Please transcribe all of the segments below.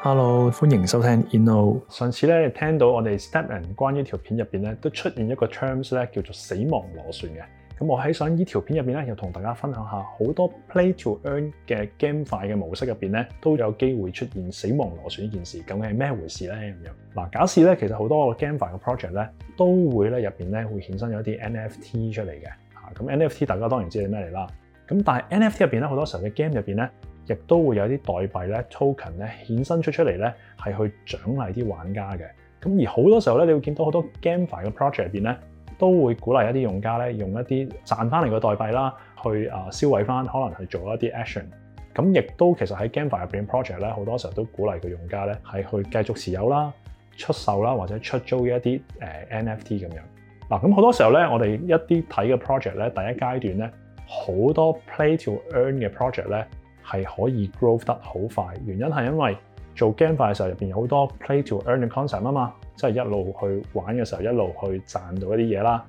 Hello，歡迎收聽 Ino。上次咧聽到我哋 Statement，關於這條片入邊咧，都出現一個 terms 咧叫做死亡螺旋嘅。咁我喺想呢條片入邊咧，又同大家分享下好多 play to earn 嘅 GameFi 嘅模式入邊咧，都有機會出現死亡螺旋呢件事，究竟係咩回事咧？咁樣嗱，假設咧，其實好多 GameFi 嘅 project 咧，都會咧入邊咧會衍生咗一啲 NFT 出嚟嘅。吓，咁 NFT 大家當然知係咩嚟啦。咁但係 NFT 入邊咧，好多時候嘅 game 入邊咧。亦都會有啲代幣咧、Token 咧衍生出出嚟咧，係去獎勵啲玩家嘅。咁而好多時候咧，你會見到好多 GameFi 嘅 project 入面咧，都會鼓勵一啲用家咧，用一啲賺翻嚟嘅代幣啦，去啊銷毀翻，可能去做一啲 action。咁亦都其實喺 GameFi 入面 project 咧，好多時候都鼓勵個用家咧，係去繼續持有啦、出售啦或者出租一啲 NFT 咁樣。嗱咁好多時候咧，我哋一啲睇嘅 project 咧，第一階段咧，好多 play to earn 嘅 project 咧。係可以 growth 得好快，原因係因為做 GameFi 嘅時候，入邊有好多 play to earn 嘅 concept 啊嘛，即係一路去玩嘅時候，一路去賺到一啲嘢啦。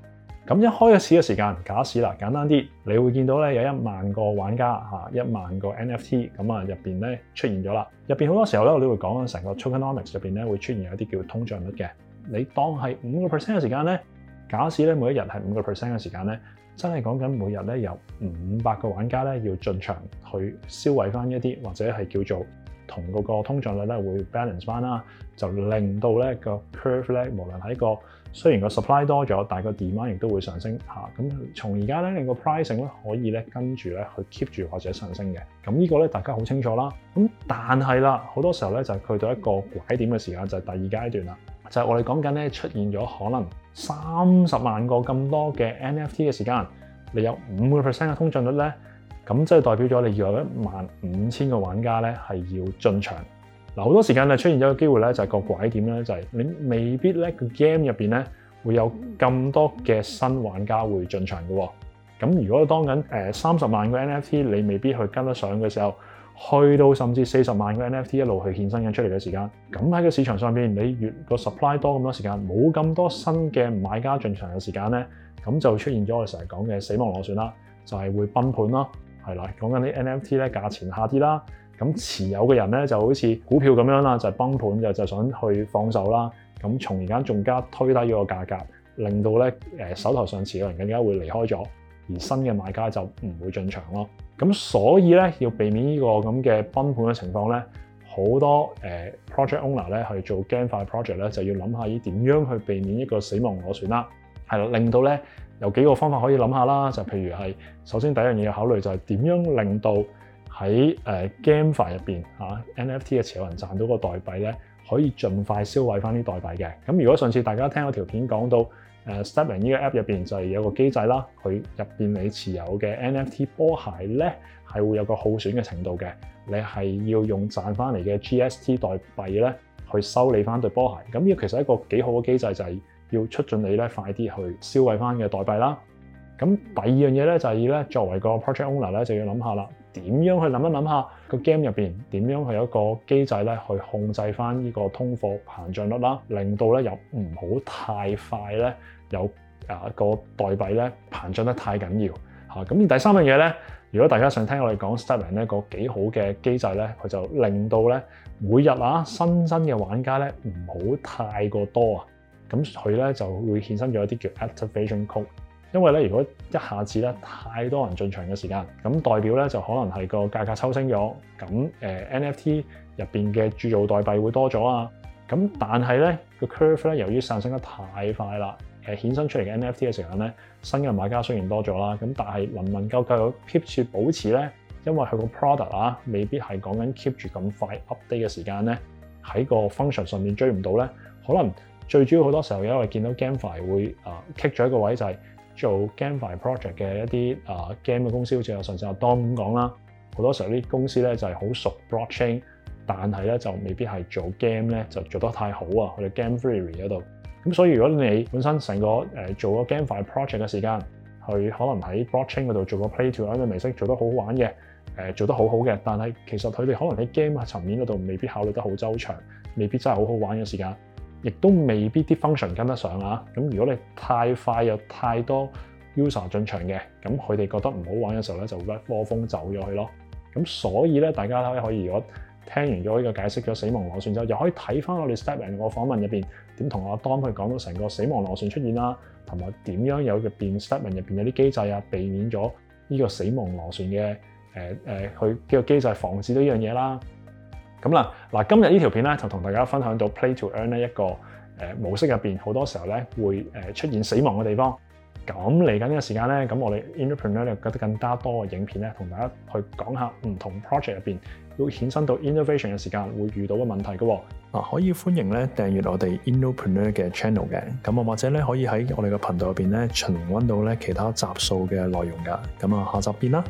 咁一開始嘅時間，假設啦，簡單啲，你會見到咧有一萬個玩家嚇，一萬個 NFT，咁啊入邊咧出現咗啦。入邊好多時候咧，我哋都會講緊，成個 tokenomics 入邊咧會出現有一啲叫通脹率嘅。你當係五個 percent 嘅時間咧，假設咧每一日係五個 percent 嘅時間咧。真係講緊每日咧有五百個玩家咧要進場去消毀翻一啲，或者係叫做同嗰個通脹率咧會 balance 翻啦，就令到咧個 curve 咧無論喺一個雖然個 supply 多咗，但係個 demand 亦都會上升吓咁、啊、從而家咧，令個 pricing 咧可以咧跟住咧去 keep 住或者上升嘅。咁呢個咧大家好清楚啦。咁但係啦，好多時候咧就係去到一個拐點嘅時間，就係、是、第二階段啦。就係、是、我哋講緊咧出現咗可能三十萬個咁多嘅 NFT 嘅時間，你有五個 percent 嘅通脹率咧，咁即係代表咗你要有一萬五千個玩家咧係要進場。嗱，好多時間咧出現咗個機會咧，就係個拐點咧，就係你未必咧個 game 入邊咧會有咁多嘅新玩家會進場嘅。咁如果當緊誒三十萬個 NFT 你未必去跟得上嘅時候。去到甚至四十萬個 NFT 一路去衍生緊出嚟嘅時間，咁喺個市場上面，你越個 supply 多咁多時間，冇咁多新嘅買家進場嘅時間咧，咁就出現咗我成日講嘅死亡螺旋啦，就係、是、會崩盤啦。係啦，講緊啲 NFT 咧價錢下跌啦，咁持有嘅人咧就好似股票咁樣啦，就係、是、崩盤就就是、想去放手啦，咁從而家仲加推低咗個價格，令到咧誒手頭上持有人更加會離開咗。而新嘅買家就唔會進場咯。咁所以咧，要避免呢個咁嘅崩盤嘅情況咧，好多誒、呃、project owner 咧係做 game 化 project 咧，就要諗下依點樣去避免一個死亡螺旋啦。係啦，令到咧有幾個方法可以諗下啦。就譬如係首先第一樣嘢考慮就係點樣令到喺誒、呃、game 化入邊嚇 NFT 嘅持有人賺到個代幣咧，可以盡快消毀翻啲代幣嘅。咁如果上次大家聽嗰條片講到。誒 StepN 呢個 App 入邊就係有個機制啦，佢入邊你持有嘅 NFT 波鞋咧，係會有個耗損嘅程度嘅，你係要用賺翻嚟嘅 GST 代幣咧去修理翻對波鞋。咁呢個其實一個幾好嘅機制，就係要促進你咧快啲去消費翻嘅代幣啦。咁第二樣嘢咧就係咧作為個 Project Owner 咧就要諗下啦，點樣去諗一諗下。個 game 入面點樣去有一個機制咧，去控制翻呢個通貨膨脹率啦，令到咧又唔好太快咧有啊個代幣咧膨脹得太緊要嚇。咁第三樣嘢咧，如果大家想聽我哋講 StepN 呢個幾好嘅機制咧，佢就令到咧每日啊新增嘅玩家咧唔好太過多啊，咁佢咧就會衍生咗一啲叫 Activation Code。因為咧，如果一下子咧太多人進場嘅時間，咁代表咧就可能係個價格抽升咗，咁誒、呃、NFT 入邊嘅鑄造代幣會多咗啊。咁但係咧、這個 curve 咧，由於上升得太快啦，誒衍生出嚟嘅 NFT 嘅時間咧，新嘅買家雖然多咗啦，咁但係能唔能夠繼續 keep 住保持咧？因為佢個 product 啊，未必係講緊 keep 住咁快 update 嘅時間咧，喺個 function 上面追唔到咧，可能最主要好多時候因為見到 GameFi 會啊 kick 咗一個位就係。做 gamefi project 嘅一啲啊 game 嘅公司，好似有上次阿 Dom 咁講啦，好多時候啲公司咧就係、是、好熟 blockchain，但係咧就未必係做 game 咧就做得太好啊，佢哋 game theory 嗰度，咁所以如果你本身成個誒、呃、做個 gamefi project 嘅時間，佢可能喺 blockchain 度做個 play to earn 嘅模式做得好好玩嘅，誒、呃、做得好好嘅，但係其實佢哋可能喺 game 嘅層面嗰度未必考慮得好周詳，未必真係好好玩嘅時間。亦都未必啲 function 跟得上啦，咁如果你太快有太多 user 進場嘅，咁佢哋覺得唔好玩嘅時候咧，就會一窩蜂走咗去咯。咁所以咧，大家咧可以，如果聽完咗呢個解釋咗死亡螺旋之後，又可以睇返我哋 Stepin 個訪問入面，點同阿當佢去講到成個死亡螺旋出現啦，同埋點樣有個變 Stepin 入面有啲機制啊，避免咗呢個死亡螺旋嘅誒誒，佢、呃、嘅、呃、機制防止到呢樣嘢啦。咁啦，嗱今日呢條片咧就同大家分享到 Play to Earn 呢一個誒模式入邊，好多時候咧會誒出現死亡嘅地方。咁嚟緊呢個時間咧，咁我哋 Innopreneur 咧覺得更加多嘅影片咧，同大家去講下唔同 project 入邊要衍生到 innovation 嘅時間會遇到嘅問題嘅。嗱，可以歡迎咧訂閱我哋 Innopreneur 嘅 channel 嘅。咁啊，或者咧可以喺我哋嘅頻道入邊咧尋揾到咧其他集數嘅內容噶。咁啊，下集見啦。